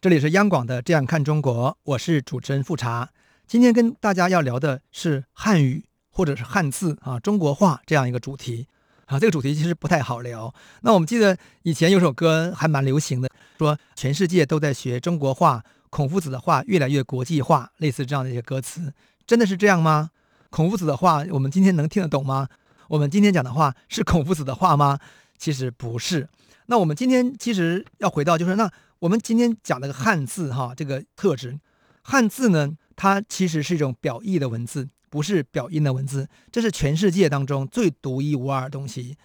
這裡是央廣的《這樣看中國》，我是主持人富察。今天跟大家要聊的是漢語或者是漢字啊，中國話這樣一個主題啊。這個主題其實不太好聊。那我們記得以前有首歌還蠻流行的，說全世界都在學中國話，孔夫子的話越來越國際化，類似這樣的一些歌詞，真的是這樣嗎？孔夫子的話，我們今天能聽得懂嗎？我們今天講的話是孔夫子的話嗎？其實不是。那我們今天其實要回到，就是那。我們今天講那個漢字哈，這個特質，漢字呢，它其實是一種表意的文字，不是表音的文字。這是全世界當中最獨一無二的東西。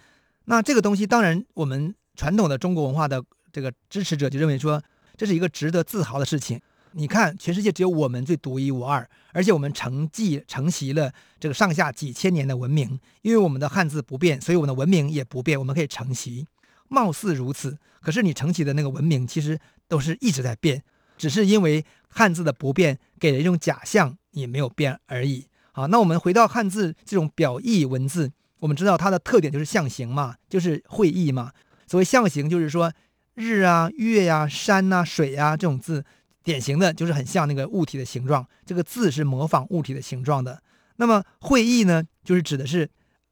那這個東西，當然我們傳統的中國文化的這個支持者就認為說，這是一個值得自豪的事情。你看，全世界只有我們最獨一無二，而且我們承繼承襲了這個上下幾千年的文明，因為我們的漢字不變，所以我們的文明也不變，我們可以承襲。貌似如此，可是你承襲的那個文明，其實。都是一直在變，只是因為漢字的不變，給人一種假象，也沒有變而已。好，那我們回到漢字這種表意文字，我們知道它的特點就是象形嘛，就是會意嘛。所謂象形，就是說日啊、月啊、山啊、水啊這種字，典型的就是很像那個物體的形狀，這個字是模仿物體的形狀的。那麼會意呢，就是指的是，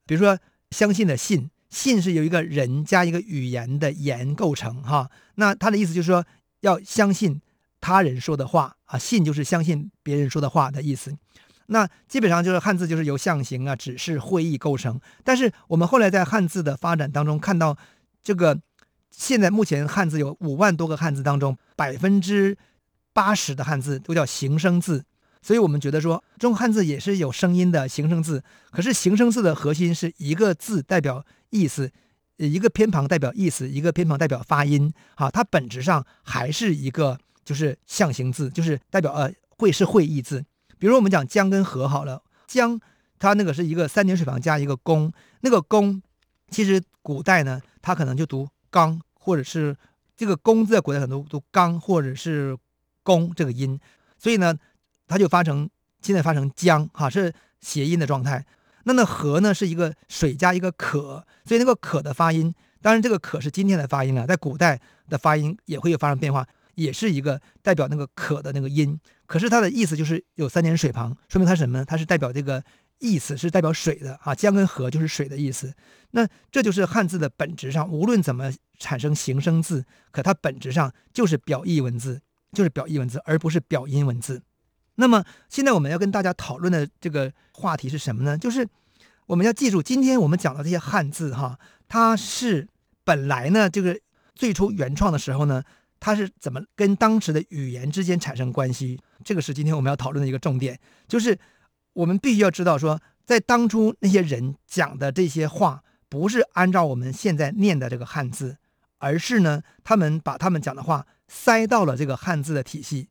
比如說相信的“信”，“信”是由一個人加一個語言的“言”構成，哈，那它的意思就是說。要相信他人說的話啊，信就是相信別人說的話的意思。那基本上就是漢字就是由象形啊、指示、會意構成。但是我們後來在漢字的發展當中看到，這個現在目前漢字有五萬多個漢字當中，百分之八十的漢字都叫形聲字。所以我們覺得說，中漢字也是有聲音的形聲字。可是形聲字的核心是一個字代表意思。一個偏旁代表意思，一個偏旁代表發音，哈、啊，它本質上還是一個就是象形字，就是代表呃會是會意字。比如我們講江跟河好了，江它那個是一個三點水旁加一個工，那個工其實古代呢它可能就讀剛，或者是這個工字在古代可能讀剛或者是工這個音，所以呢它就發成現在發成江哈、啊，是諧音的狀態。那那河呢是一個水加一個可，所以那個可的發音，當然這個可是今天的發音了啊，在古代的發音也會有發生變化，也是一個代表那個可的那個音。可是它的意思就是有三點水旁，說明它是什麼呢？它是代表這個意思，是代表水的啊。江跟河就是水的意思。那這就是漢字的本質上，無論怎麼產生形聲字，可它本質上就是表意文字，就是表意文字，而不是表音文字。那麼，現在我們要跟大家討論的這個話題是什麼呢？就是我們要記住，今天我們講的這些漢字，哈，它是本來呢，就是最初原創的時候呢，它是怎麼跟當時的語言之間產生關係？這個是今天我們要討論的一個重點，就是我們必須要知道說，說在當初那些人講的這些話，不是按照我們現在念的這個漢字，而是呢，他們把他們講的話塞到了這個漢字的體系。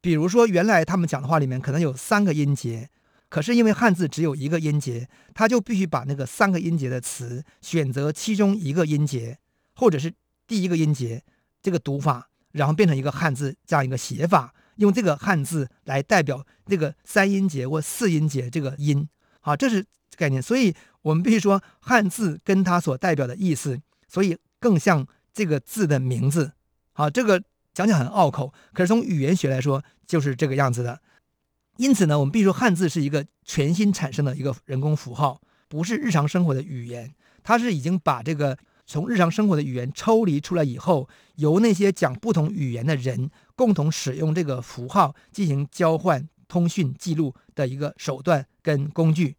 比如說，原來他們講的話裡面可能有三個音節，可是因為漢字只有一個音節，他就必須把那個三個音節的詞選擇其中一個音節，或者是第一個音節這個讀法，然後變成一個漢字，這樣一個寫法，用這個漢字來代表那個三音節或四音節這個音。好，這是概念，所以我們必須說漢字跟它所代表的意思，所以更像這個字的名字。好，這個。講講很拗口，可是從語言學來說就是這個樣子的。因此呢，我們必須說漢字是一個全新產生的一個人工符號，不是日常生活的語言，它是已經把這個從日常生活的語言抽離出來以後，由那些講不同語言的人共同使用這個符號進行交換、通訊、記錄的一個手段跟工具。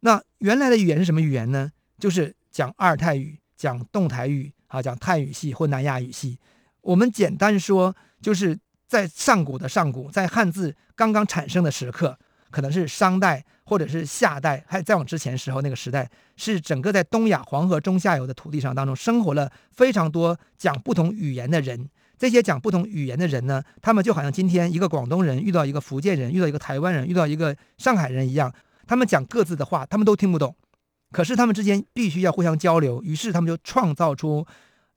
那原來的語言是什麼語言呢？就是講阿爾泰語、講侗台語啊，講泰語系或南亞語系。我們簡單說，就是在上古的上古，在漢字剛剛產生的時刻，可能是商代或者是夏代，還再往之前時候那個時代，是整個在東亞黃河中下游的土地上當中生活了非常多講不同語言的人。這些講不同語言的人呢，他們就好像今天一個廣東人遇到一個福建人，遇到一個台灣人，遇到一個上海人一樣，他們講各自的話，他們都聽不懂，可是他們之間必須要互相交流，於是他們就創造出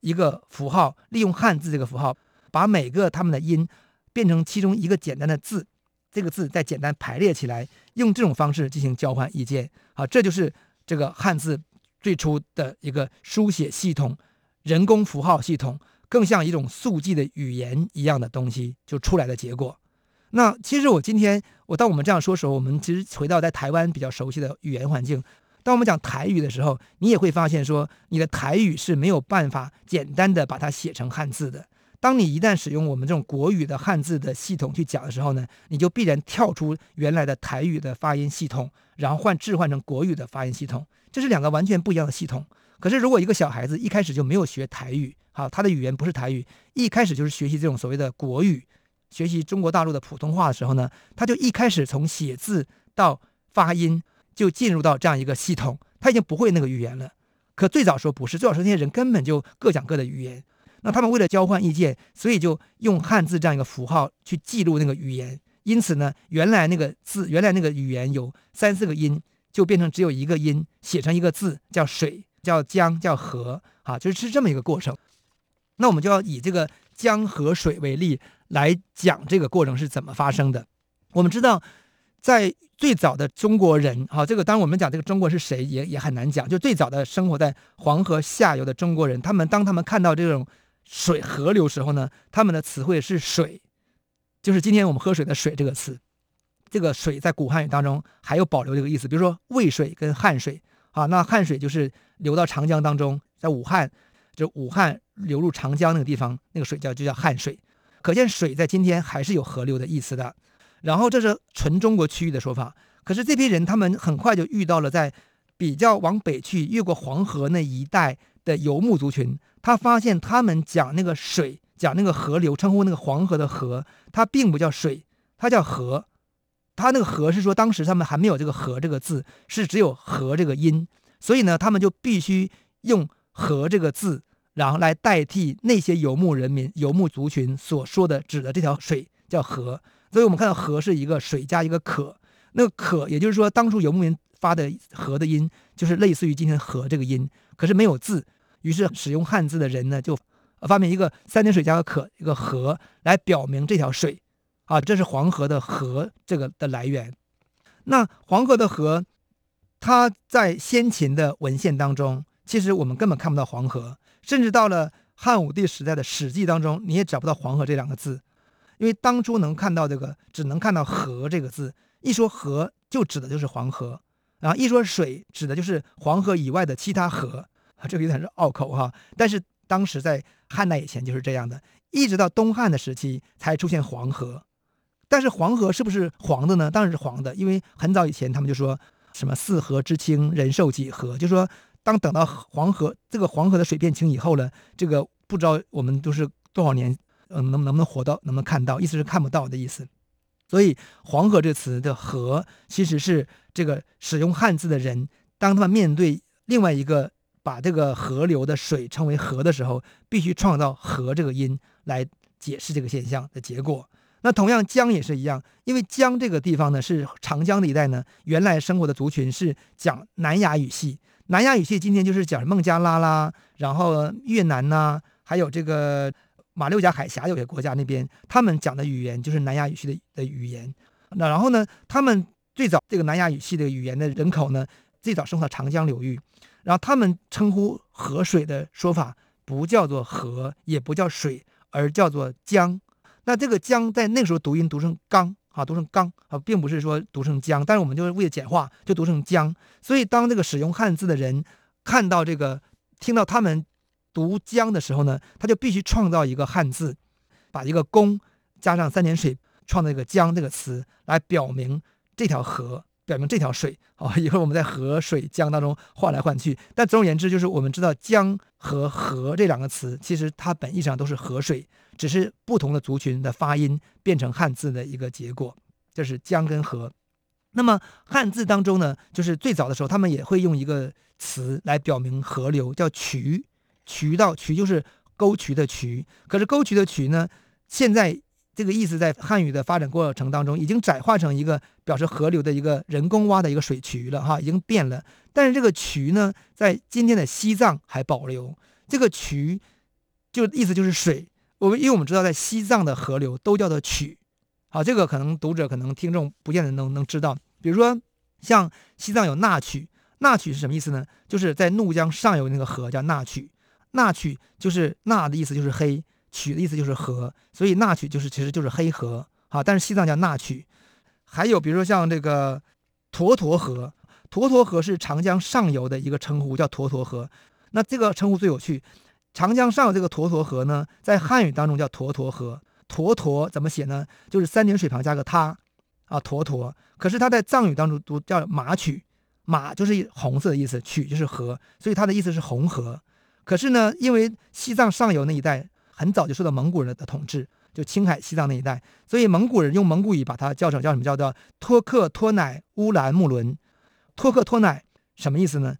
一個符號，利用漢字這個符號，把每個他們的音變成其中一個簡單的字，這個字再簡單排列起來，用這種方式進行交換意見啊，這就是這個漢字最初的一個書寫系統，人工符號系統，更像一種速記的語言一樣的東西就出來的結果。那其實我今天我當我們這樣說的時候，我們其實回到在台灣比較熟悉的語言環境。當我們講台語的時候，你也會發現說，說你的台語是沒有辦法簡單的把它寫成漢字的。當你一旦使用我們這種國語的漢字的系統去講的時候呢，你就必然跳出原來的台語的發音系統，然後換置換成國語的發音系統，這是兩個完全不一樣的系統。可是，如果一個小孩子一開始就沒有學台語，好，他的語言不是台語，一開始就是學習這種所謂的國語，學習中國大陸的普通話的時候呢，他就一開始從寫字到發音。就進入到這樣一個系統，他已經不會那個語言了。可最早說不是，最早說那些人根本就各講各的語言。那他們為了交換意見，所以就用漢字這樣一個符號去記錄那個語言。因此呢，原來那個字，原來那個語言有三四個音，就變成只有一個音，寫成一個字，叫水，叫江，叫河，啊，就是是這麼一個過程。那我們就要以這個江河水為例來講這個過程是怎麼發生的。我們知道。在最早的中國人，好，這個當然我們講這個中國是誰也，也也很難講。就最早的生活在黃河下游的中國人，他們當他們看到這種水河流時候呢，他們的詞彙是“水”，就是今天我們喝水的“水”這個詞。這個“水”在古漢語當中還有保留這個意思，比如說渭水跟漢水啊，那漢水就是流到長江當中，在武漢，就武漢流入長江那個地方，那個水叫就叫漢水。可見水在今天還是有河流的意思的。然後這是純中國區域的說法。可是這批人，他們很快就遇到了在比較往北去、越過黃河那一帶的游牧族群。他發現他們講那個水、講那個河流，稱呼那個黃河的河，它並不叫水，它叫河。他那個河是說，當時他們還沒有這個“河”這個字，是只有“河”這個音。所以呢，他們就必須用“河”這個字，然後來代替那些游牧人民、游牧族群所說的指的這條水叫河。所以，我們看到“河”是一個水加一個“可”，那個“可”也就是說，當初游牧民發的“河”的音，就是類似於今天“河”這個音，可是沒有字。於是，使用漢字的人呢，就發明一個三點水加個“可”，一個“河”來表明這條水。啊，這是黃河的“河”這個的來源。那黃河的“河”，它在先秦的文獻當中，其實我們根本看不到黃河，甚至到了漢武帝時代的《史記》當中，你也找不到“黃河”這兩個字。因為當初能看到這個，只能看到“河”這個字，一說“河”就指的就是黃河，啊，一說“水”指的就是黃河以外的其他河，啊，這個有點是拗口哈，啊。但是當時在漢代以前就是這樣的，一直到東漢的時期才出現黃河。但是黃河是不是黃的呢？當然是黃的，因為很早以前他們就說什麼“俟河之清，人壽幾何”，就說當等到黃河這個黃河的水變清以後呢，這個不知道我們都是多少年。嗯，能能不能活到，能不能看到？意思是看不到的意思。所以“黃河”這詞的“河”，其實是這個使用漢字的人，當他們面對另外一個把這個河流的水稱為“河”的時候，必須創造“河”這個音來解釋這個現象的結果。那同樣“江”也是一樣，因為“江”這個地方呢是長江的一帶呢，原來生活的族群是講南亞語系。南亞語系今天就是講孟加拉啦，然後越南吶、啊，還有這個。馬六甲海峽有些國家那邊，他們講的語言就是南亞語系的語言。那然後呢，他們最早這個南亞語系的語言的人口呢，最早生活在長江流域。然後他們稱呼河水的說法，不叫做河，也不叫水，而叫做江。那這個江在那個時候讀音讀成“剛”啊，讀成“剛”，啊，並不是說讀成“江”，但是我們就是為了簡化就讀成“江”。所以當這個使用漢字的人看到這個，聽到他們。讀江的時候呢，他就必須創造一個漢字，把一個工加上三點水，創造一個江這個詞來表明這條河，表明這條水。哦，以後我們在河水、江當中換來換去。但總而言之，就是我們知道江和河這兩個詞，其實它本意上都是河水，只是不同的族群的發音變成漢字的一個結果。就是江跟河。那麼漢字當中呢，就是最早的時候，他們也會用一個詞來表明河流，叫渠。渠道渠就是溝渠的渠，可是溝渠的渠呢，現在這個意思在漢語的發展過程當中已經窄化成一個表示河流的一個人工挖的一個水渠了哈，已經變了。但是這個渠呢，在今天的西藏還保留這個渠就，就意思就是水。我們因為我們知道在西藏的河流都叫做渠，好，這個可能讀者可能聽眾不見得能能知道。比如說像西藏有那曲，那曲是什麼意思呢？就是在怒江上游那個河叫那曲。那曲就是那的意思，就是黑；曲的意思就是河，所以那曲就是其實就是黑河啊。但是西藏叫那曲。還有比如說像這個沱沱河，沱沱河是長江上游的一個稱呼，叫沱沱河。那這個稱呼最有趣，長江上游這個沱沱河呢，在漢語當中叫沱沱河，沱沱怎麼寫呢？就是三點水旁加個它啊，沱沱。可是它在藏語當中讀叫瑪曲，瑪就是一紅色的意思，曲就是河，所以它的意思是紅河。可是呢，因為西藏上游那一帶很早就受到蒙古人的統治，就青海、西藏那一帶，所以蒙古人用蒙古語把它叫成叫什麼？叫什麼叫做托克托乃烏蘭木倫。托克托乃什麼意思呢？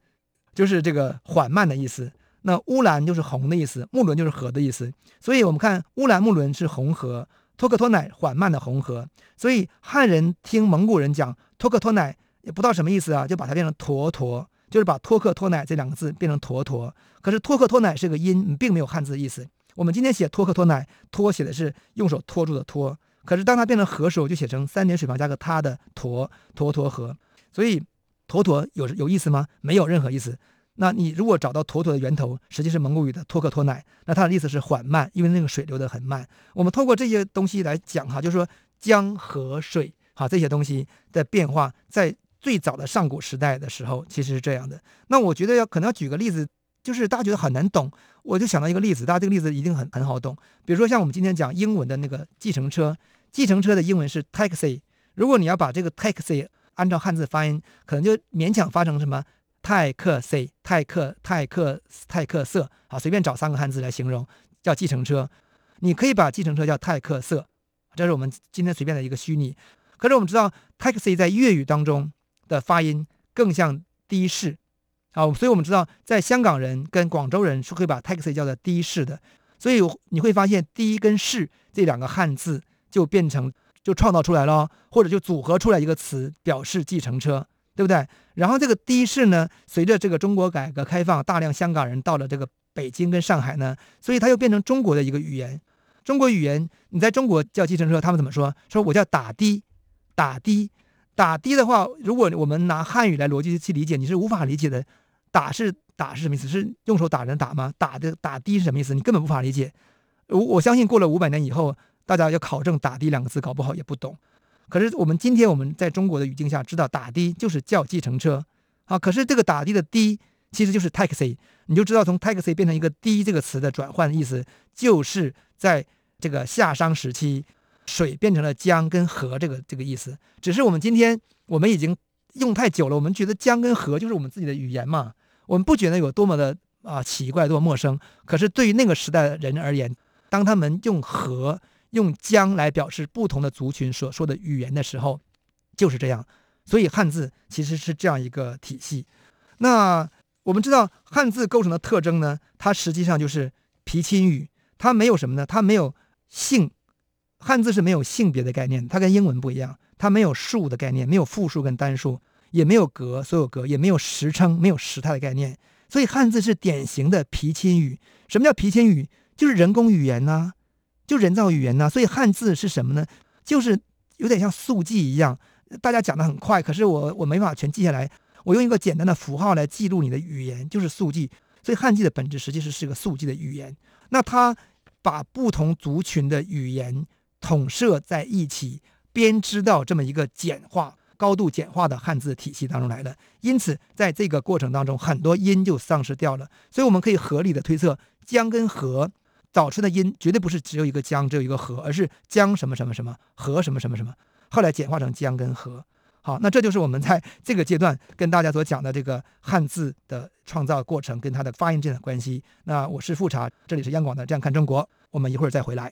就是這個緩慢的意思。那烏蘭就是紅的意思，木倫就是河的意思。所以我們看烏蘭木倫是紅河，托克托乃緩慢的紅河。所以漢人聽蒙古人講托克托乃，也不知道什麼意思啊，就把它變成沱沱。就是把“托克托奶”這兩個字變成“坨坨”，可是“托克托奶”是個音，並沒有漢字的意思。我們今天寫“托克托奶”，“托”寫的是用手托住的“托”，可是當它變成河時候，就寫成三點水旁加個他的“他”的“坨坨坨河”。所以，“坨坨”有有意思嗎？沒有任何意思。那你如果找到“坨坨”的源頭，實際是蒙古語的“托克托奶”，那它的意思是緩慢，因為那個水流得很慢。我們透過這些東西來講哈，就是說江河水哈這些東西的變化，在最早的上古時代的時候，其實是這樣的。那我覺得要可能要舉個例子，就是大家覺得很難懂，我就想到一個例子，大家這個例子一定很很好懂。比如說像我們今天講英文的那個計程車，計程車的英文是 taxi。如果你要把這個 taxi 按照漢字發音，可能就勉強發成什麼泰克 C、泰克泰克泰克色，啊，隨便找三個漢字來形容叫計程車。你可以把計程車叫泰克色，這是我們今天隨便的一個虛擬。可是我們知道 taxi 在粵語當中。的發音更像的士，啊、哦，所以我們知道，在香港人跟廣州人是會把 taxi 叫做的士的，所以你會發現“的”跟“士”這兩個漢字就變成就創造出來了，或者就組合出來一個詞表示計程車，對不對？然後這個的士呢，隨着這個中國改革開放，大量香港人到了這個北京跟上海呢，所以它又變成中國的一個語言。中國語言，你在中國叫計程車，他們怎麼說？說我叫打的，打的。打的的話，如果我們拿漢語來邏輯去理解，你是無法理解的。打是打是什麼意思？是用手打人打嗎？打的打的是什麼意思？你根本無法理解。我我相信過了五百年以後，大家要考證“打的”兩個字，搞不好也不懂。可是我們今天，我們在中國的語境下，知道打的就是叫計程車啊。可是這個打的的“的”其實就是 taxi，你就知道從 taxi 變成一個“的”這個詞的轉換意思，就是在這個夏商時期。水變成了江跟河。這個這個意思，只是我們今天我們已經用太久了，我們覺得江跟河就是我們自己的語言嘛，我們不覺得有多麼的啊、呃、奇怪，多麼陌生。可是對於那個時代的人而言，當他們用河、用江來表示不同的族群所說的語言的時候，就是這樣。所以漢字其實是這樣一個體系。那我們知道漢字構成的特徵呢，它實際上就是皮欽語，它沒有什麼呢，它沒有性。漢字是沒有性別的概念，它跟英文不一樣，它沒有數的概念，沒有複數跟單數，也沒有格，所有格也沒有時稱，沒有時態的概念。所以漢字是典型的皮欽語。什麼叫皮欽語？就是人工語言吶、啊，就人造語言吶、啊。所以漢字是什麼呢？就是有點像速記一樣，大家講的很快，可是我我沒法全記下來，我用一個簡單的符號來記錄你的語言，就是速記。所以漢字的本質實際是是個速記的語言。那它把不同族群的語言統攝在一起，編織到這麼一個簡化、高度簡化的漢字體系當中來的，因此，在這個過程當中，很多音就喪失掉了。所以，我們可以合理的推測，江跟河早春的音絕對不是只有一個江，只有一個河，而是江什麼什麼什麼，河什麼什麼什麼，後來簡化成江跟河。好，那這就是我們在這個階段跟大家所講的這個漢字的創造過程跟它的發音之間的關係。那我是富察，這裡是央廣的，這樣看中國，我們一會兒再回來。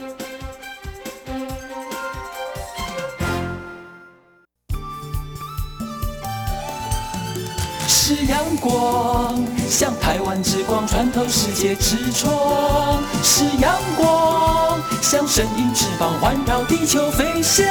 光像台灣之光穿透世界之窗，是陽光像神鷹翅膀環繞地球飛翔。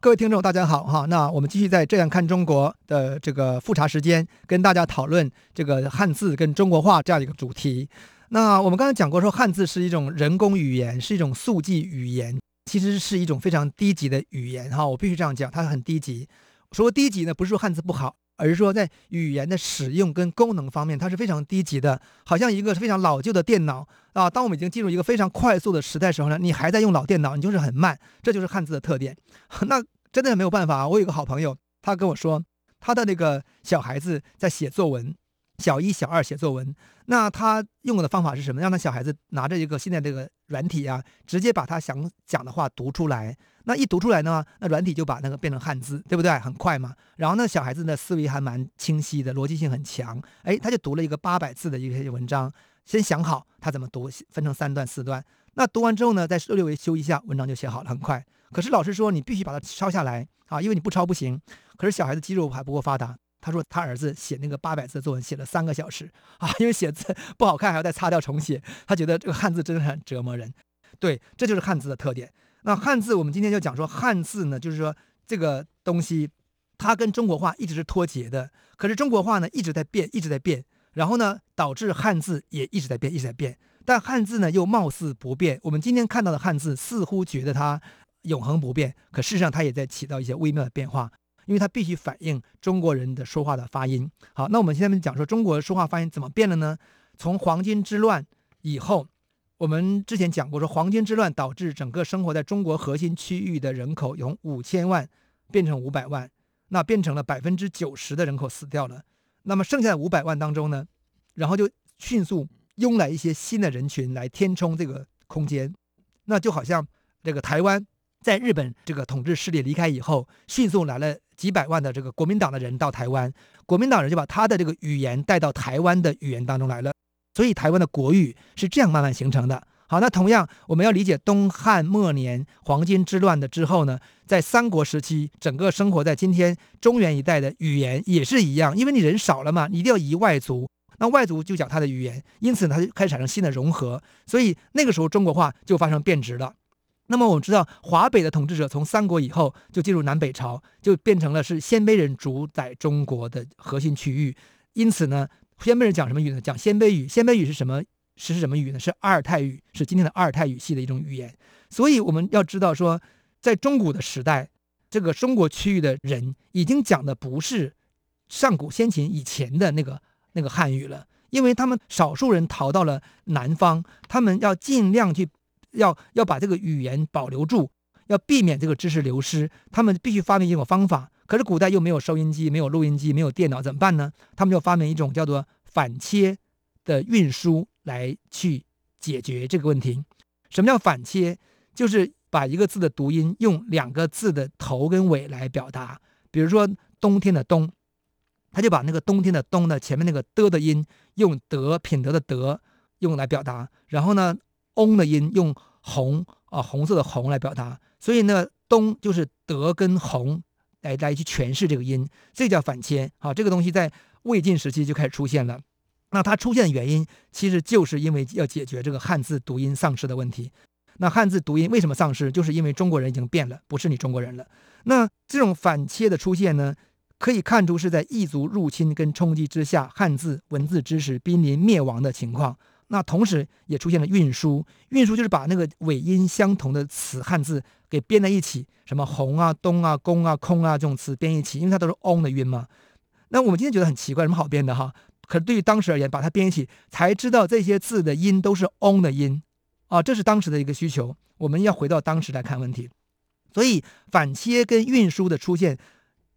各位聽眾，大家好哈，那我們繼續在這樣看中國的這個富察時間，跟大家討論這個漢字跟中國話這樣一個主題。那我們剛才講過，說漢字是一種人工語言，是一種速記語言。其實是一種非常低級的語言哈，我必須這樣講，它很低級。說低級呢，不是說漢字不好，而是說在語言的使用跟功能方面，它是非常低級的，好像一個非常老舊的電腦啊。當我們已經進入一個非常快速的時代的時候呢，你還在用老電腦，你就是很慢，這就是漢字的特點。那真的沒有辦法，我有一個好朋友，他跟我說，他的那個小孩子在寫作文。小一、小二寫作文，那他用過的方法是什麼？讓他小孩子拿着一個現在這個軟體啊，直接把他想講的話讀出來。那一讀出來呢，那軟體就把那個變成漢字，對不對？很快嘛。然後那小孩子的思維還蠻清晰的，邏輯性很強。哎，他就讀了一個八百字的一篇文章，先想好他怎麼讀，分成三段、四段。那讀完之後呢，再略微修一下，文章就寫好了，很快。可是老師說你必須把它抄下來啊，因為你不抄不行。可是小孩子肌肉還不夠發達。他說，他兒子寫那個八百字的作文寫了三個小時啊，因為寫字不好看，還要再擦掉重寫。他覺得這個漢字真的很折磨人。對，這就是漢字的特點。那漢字，我們今天就講說漢字呢，就是說這個東西，它跟中國話一直是脫節的。可是中國話呢，一直在變，一直在變，然後呢，導致漢字也一直在變，一直在變。但漢字呢又貌似不變。我們今天看到的漢字，似乎覺得它永恆不變，可事實上它也在起到一些微妙的變化。因為它必須反映中國人的說話的發音。好，那我們現在講說，中國說話發音怎麼變了呢？從黃巾之亂以後，我們之前講過，說黃巾之亂導致整個生活在中國核心區域的人口從五千萬變成五百萬，那變成了百分之九十的人口死掉了。那麼剩下的五百萬當中呢，然後就迅速湧來一些新的人群來填充這個空間，那就好像這個台灣。在日本這個統治勢力離開以後，迅速來了幾百萬的這個國民黨的人到台灣，國民黨人就把他的這個語言帶到台灣的語言當中來了，所以台灣的國語是這樣慢慢形成的。好，那同樣我們要理解東漢末年黃巾之亂的之後呢，在三國時期，整個生活在今天中原一帶的語言也是一樣，因為你人少了嘛，你一定要移外族，那外族就講他的語言，因此他就開始產生新的融合，所以那個時候中國話就發生變質了。那麼我們知道，華北的統治者從三國以後就進入南北朝，就變成了是鮮卑人主宰中國的核心區域。因此呢，鮮卑人講什麼語呢？講鮮卑語。鮮卑語是什麼？是是什麼語呢？是阿爾泰語，是今天的阿爾泰語系的一種語言。所以我們要知道說，在中古的時代，這個中國區域的人已經講的不是上古先秦以前的那個那個漢語了，因為他們少數人逃到了南方，他們要盡量去。要要把這個語言保留住，要避免這個知識流失，他們必須發明一種方法。可是古代又沒有收音機，沒有錄音機，沒有電腦，怎麼辦呢？他們就發明一種叫做反切的運輸來去解決這個問題。什麼叫反切？就是把一個字的讀音用兩個字的頭跟尾來表達。比如說“冬天”的“冬”，他就把那個“冬天”的“冬”呢，前面那個“的”的音用“德”品德的“德”用來表達。然後呢？東、嗯、的音用紅啊，紅色的紅來表達，所以呢，東就是德跟紅來來去詮釋這個音，這個、叫反切啊。這個東西在魏晉時期就開始出現了，那它出現的原因其實就是因為要解決這個漢字讀音喪失的問題。那漢字讀音為什麼喪失？就是因為中國人已經變了，不是你中國人了。那這種反切的出現呢，可以看出是在異族入侵跟衝擊之下，漢字文字知識瀕臨滅亡的情況。那同時也出現了韻書，韻書就是把那個尾音相同的詞漢字給編在一起，什麼紅啊、東啊、宮啊、空啊這種詞編一起，因為它都是 ong 的音嘛。那我們今天覺得很奇怪，什麼好編的哈？可是對於當時而言，把它編一起，才知道這些字的音都是 ong 的音啊。這是當時的一個需求，我們要回到當時來看問題。所以反切跟韻書的出現，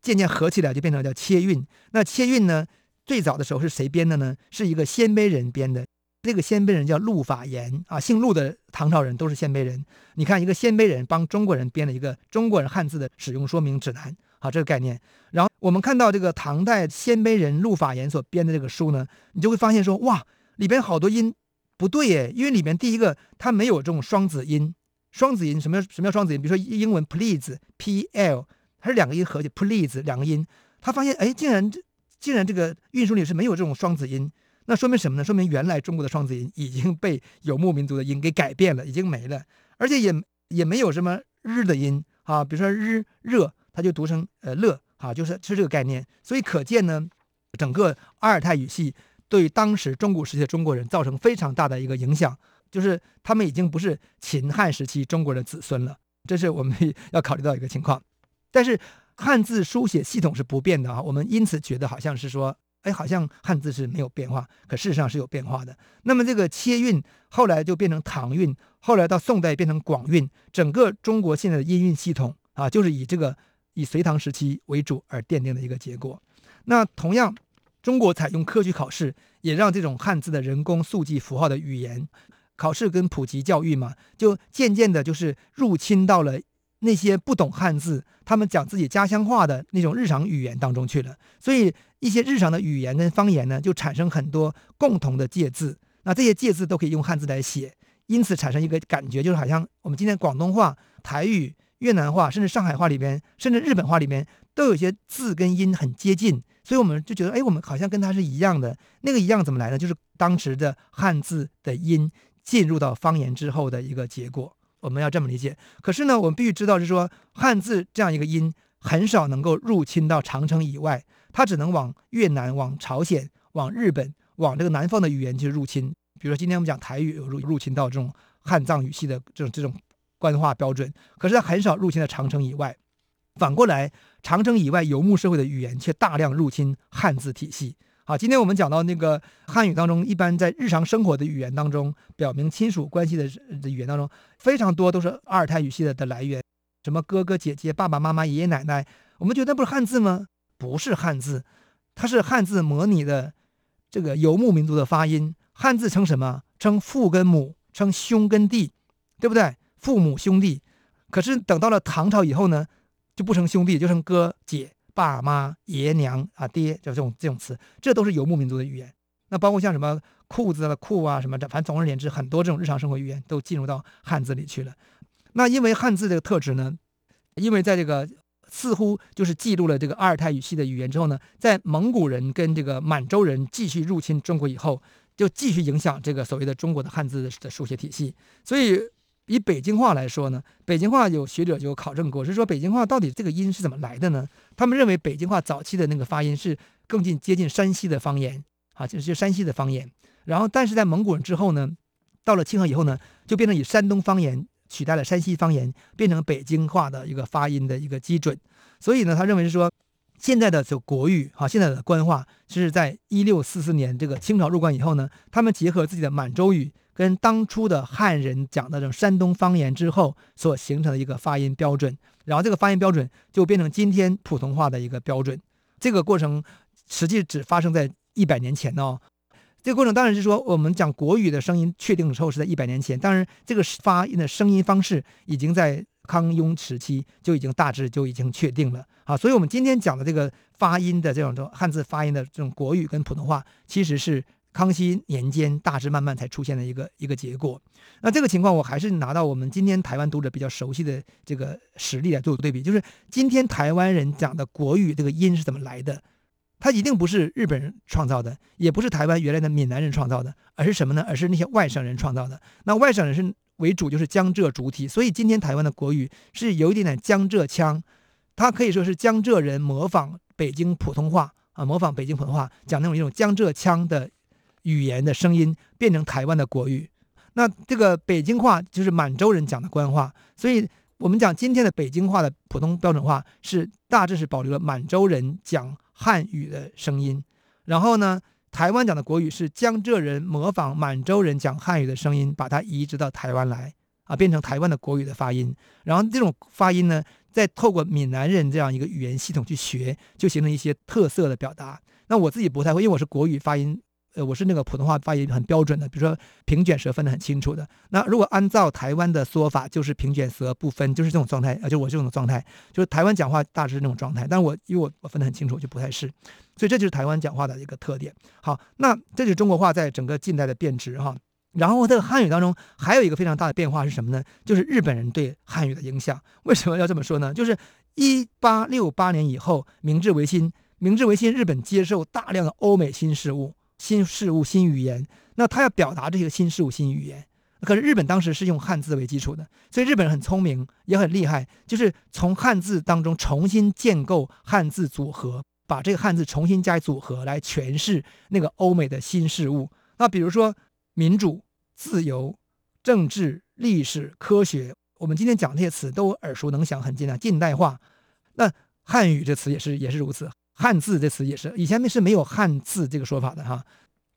漸漸合起來就變成了叫切韻，那切韻呢，最早的時候是誰編的呢？是一個鮮卑人編的。那、這個鮮卑人叫陸法言啊，姓陸的唐朝人都是鮮卑人。你看一個鮮卑人幫中國人編了一個中國人漢字的使用說明指南，好這個概念。然後我們看到這個唐代鮮卑人陸法言所編的這個書呢，你就會發現說哇，裡邊好多音不對耶，因為裡邊第一個它沒有這種雙子音。雙子音什麼什麼叫雙子音？比如說英文 please p l，它是兩個音合起 please 兩個音。他發現哎，竟然竟然這個韻書裡是沒有這種雙子音。那說明什麼呢？說明原來中國的雙子音已經被游牧民族的音給改變了，已經沒了，而且也也沒有什麼日的音啊，比如說日熱，它就讀成呃樂啊，就是、就是這個概念。所以可見呢，整個阿爾泰語系對於當時中古時期的中國人造成非常大的一個影響，就是他們已經不是秦漢時期中國的子孫了，這是我們要考慮到一個情況。但是漢字書寫系統是不變的啊，我們因此覺得好像是說。哎，好像漢字是沒有變化，可事實上是有變化的。那麼這個切韻後來就變成唐韻，後來到宋代變成廣韻。整個中國現在的音韻系統啊，就是以這個以隋唐時期為主而奠定的一個結果。那同樣，中國採用科舉考試，也讓這種漢字的人工速記符號的語言考試跟普及教育嘛，就漸漸的就是入侵到了，那些不懂漢字，他們講自己家鄉話的那種日常語言當中去了，所以一些日常的語言跟方言呢，就產生很多共同的借字。那這些借字都可以用漢字來寫，因此產生一個感覺，就是好像我們今天廣東話、台語、越南話，甚至上海話裡邊，甚至日本話裡邊，都有一些字跟音很接近。所以我們就覺得，哎，我們好像跟它是一樣的。那個一樣怎麼來呢？就是當時的漢字的音進入到方言之後的一個結果。我們要這麼理解，可是呢，我們必須知道是說，漢字這樣一個音很少能夠入侵到長城以外，它只能往越南、往朝鮮、往日本、往這個南方的語言去入侵。比如說，今天我們講台語有入侵到這種漢藏語系的這種這種官話標準，可是它很少入侵到長城以外。反過來，長城以外游牧社會的語言卻大量入侵漢字體系。好，今天我們講到那個漢語當中，一般在日常生活的語言當中，表明親屬關係的的語言當中，非常多都是阿爾泰語系的的來源。什麼哥哥姐姐、爸爸媽媽、爺爺奶奶，我們覺得那不是漢字嗎？不是漢字，它是漢字模擬的這個游牧民族的發音。漢字稱什麼？稱父跟母，稱兄跟弟，對不對？父母兄弟。可是等到了唐朝以後呢，就不稱兄弟，就稱哥姐。爸媽、爺娘啊、爹，就這種這種詞，這都是游牧民族的語言。那包括像什麼褲子、褲啊什麼的，反正總而言之，很多這種日常生活語言都進入到漢字裡去了。那因為漢字這個特質呢，因為在這個似乎就是記錄了這個阿爾泰語系的語言之後呢，在蒙古人跟這個滿洲人繼續入侵中國以後，就繼續影響這個所謂的中國的漢字的書寫體系。所以以北京話來說呢，北京話有學者就考證過，是說北京話到底這個音是怎麼來的呢？他們認為北京話早期的那個發音是更近接近山西的方言，啊，就是就山西的方言。然後，但是在蒙古人之後呢，到了清河以後呢，就變成以山東方言取代了山西方言，變成北京話的一個發音的一個基準。所以呢，他認為是說，現在的這國語啊，現在的官話，就是在一六四四年這個清朝入關以後呢，他們結合自己的滿洲語。跟當初的漢人講的這種山東方言，之後所形成的一個發音標準，然後這個發音標準就變成今天普通話的一個標準。這個過程實際只發生在一百年前哦。這個過程當然是說我們講國語的聲音確定了之後是在一百年前，當然這個發音的聲音方式已經在康雍時期就已經大致就已經確定了啊。所以，我們今天講的這個發音的這種漢字發音的這種國語跟普通話其實是。康熙年間，大致慢慢才出現了一個一個結果。那這個情況，我還是拿到我們今天台灣讀者比較熟悉的這個實例來做個對比，就是今天台灣人講的國語這個音是怎麼來的？它一定不是日本人創造的，也不是台灣原來的閩南人創造的，而是什麼呢？而是那些外省人創造的。那外省人是為主，就是江浙主體，所以今天台灣的國語是有一點點江浙腔，它可以說是江浙人模仿北京普通話啊、呃，模仿北京普通話講那種一種江浙腔的。語言的聲音變成台灣的國語，那這個北京話就是滿洲人講的官話，所以我們講今天的北京話的普通標準化是大致是保留了滿洲人講漢語的聲音。然後呢，台灣講的國語是江浙人模仿滿洲人講漢語的聲音，把它移植到台灣來啊，變成台灣的國語的發音。然後這種發音呢，再透過閩南人這樣一個語言系統去學，就形成一些特色的表達。那我自己不太會，因為我是國語發音。呃，我是那個普通話發音很標準的，比如說平卷舌分得很清楚的。那如果按照台灣的說法，就是平卷舌不分，就是這種狀態，啊、呃，就是我這種狀態，就是台灣講話大致那種狀態。但是我因為我我分得很清楚，就不太是。所以這就是台灣講話的一個特點。好，那這就是中國話在整個近代的變質哈。然後在漢語當中還有一個非常大的變化是什麼呢？就是日本人對漢語的影響。為什麼要這麼說呢？就是一八六八年以後，明治維新，明治維新，日本接受大量的歐美新事物。新事物、新語言，那他要表達這些新事物、新語言。可是日本當時是用漢字為基礎的，所以日本人很聰明，也很厲害，就是從漢字當中重新建構漢字組合，把這個漢字重新加以組合來詮釋那個歐美的新事物。那比如說民主、自由、政治、歷史、科學，我們今天講這些詞都耳熟能詳，很近的，近代化，那漢語這詞也是也是如此。漢字這詞也是，以前那是沒有漢字這個說法的哈。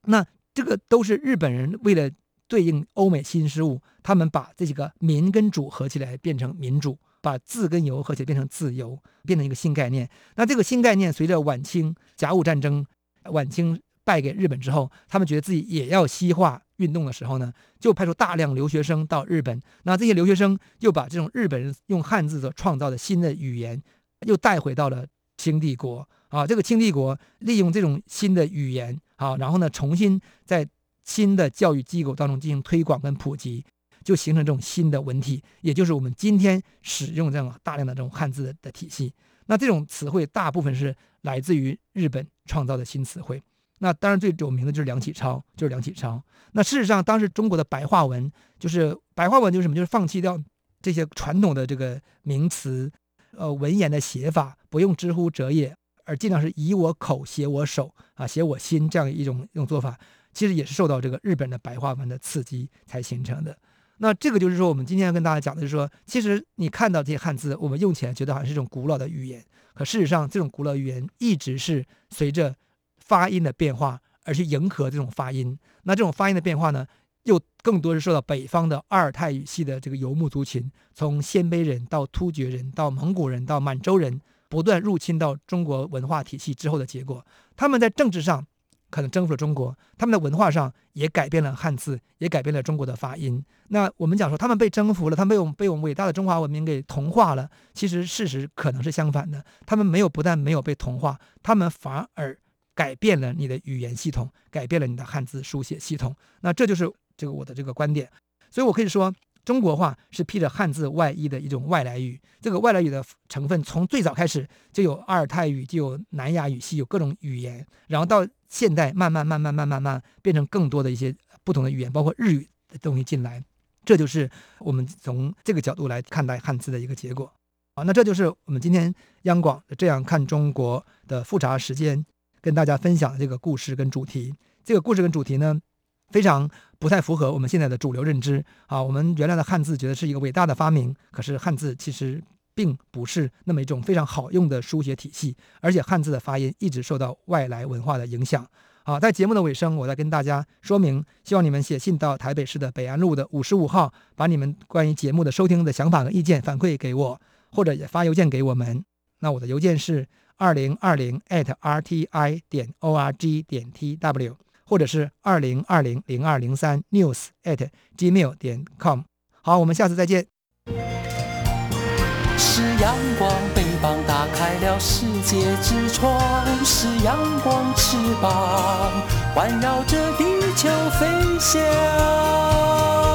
那這個都是日本人為了對應歐美新事物，他們把這幾個民跟主合起來變成民主，把自跟由合起來變成自由，變成一個新概念。那這個新概念隨着晚清甲午戰爭，晚清敗給日本之後，他們覺得自己也要西化運動的時候呢，就派出大量留學生到日本。那這些留學生又把這種日本人用漢字所創造的新的語言，又帶回到了。清帝國啊，這個清帝國利用這種新的語言啊，然後呢，重新在新的教育機構當中進行推廣跟普及，就形成這種新的文體，也就是我們今天使用這種大量的這種漢字的體系。那這種詞彙大部分是來自於日本創造的新詞彙。那當然最有名的就是梁啟超，就是梁啟超。那事實上當時中國的白話文就是白話文，就是什麼？就是放棄掉這些傳統的這個名詞。呃，文言的寫法不用之乎者也，而盡量是以我口寫我手啊，寫我心這樣一種一種做法，其實也是受到這個日本的白話文的刺激才形成的。那這個就是說，我們今天要跟大家講的就是說，其實你看到這些漢字，我們用起來覺得好像是一種古老的語言，可事實上，這種古老語言一直是隨着發音的變化而去迎合這種發音。那這種發音的變化呢？又更多是受到北方的阿爾泰語系的這個游牧族群，從鮮卑人到突厥人到蒙古人到滿洲人不斷入侵到中國文化體系之後的結果。他們在政治上可能征服了中國，他們的文化上也改變了漢字，也改變了中國的發音。那我們講說他們被征服了，他們被我們被我們偉大的中華文明給同化了。其實事實可能是相反的，他們沒有，不但沒有被同化，他們反而改變了你的語言系統，改變了你的漢字書寫系統。那這就是。這個我的這個觀點，所以我可以說，中國話是披着漢字外衣的一種外來語。這個外來語的成分從最早開始就有阿爾泰語，就有南亞語系，有各種語言，然後到現代慢慢慢慢慢慢慢慢變成更多的一些不同的語言，包括日語的東西進來。這就是我們從這個角度來看待漢字的一個結果。啊，那這就是我們今天央廣這樣看中國的富察時間，跟大家分享的這個故事跟主題。這個故事跟主題呢，非常。不太符合我們現在的主流認知啊！我們原來的漢字覺得是一個偉大的發明，可是漢字其實並不是那麼一種非常好用的書寫體系，而且漢字的發音一直受到外來文化的影響啊！在節目的尾聲，我再跟大家說明，希望你們寫信到台北市的北安路的五十五號，把你們關於節目的收聽的想法和意見反饋給我，或者也發郵件給我們。那我的郵件是二零二零 at rti 點 o r g 點 t w。或者是二零二零零二零三 news at gmail 點 com。好，我們下次再見。是陽光，翅膀，打開了世界之窗；是陽光，翅膀環繞着地球飛翔。